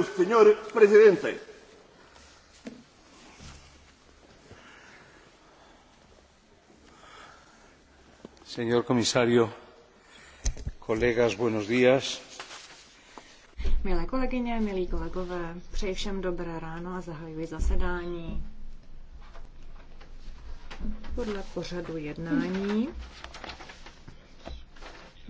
el señor presidente. Señor comisario, colegas, buenos días. Milé kolegyně, milí kolegové, přeji všem dobré ráno a zahajuji zasedání. Podle pořadu jednání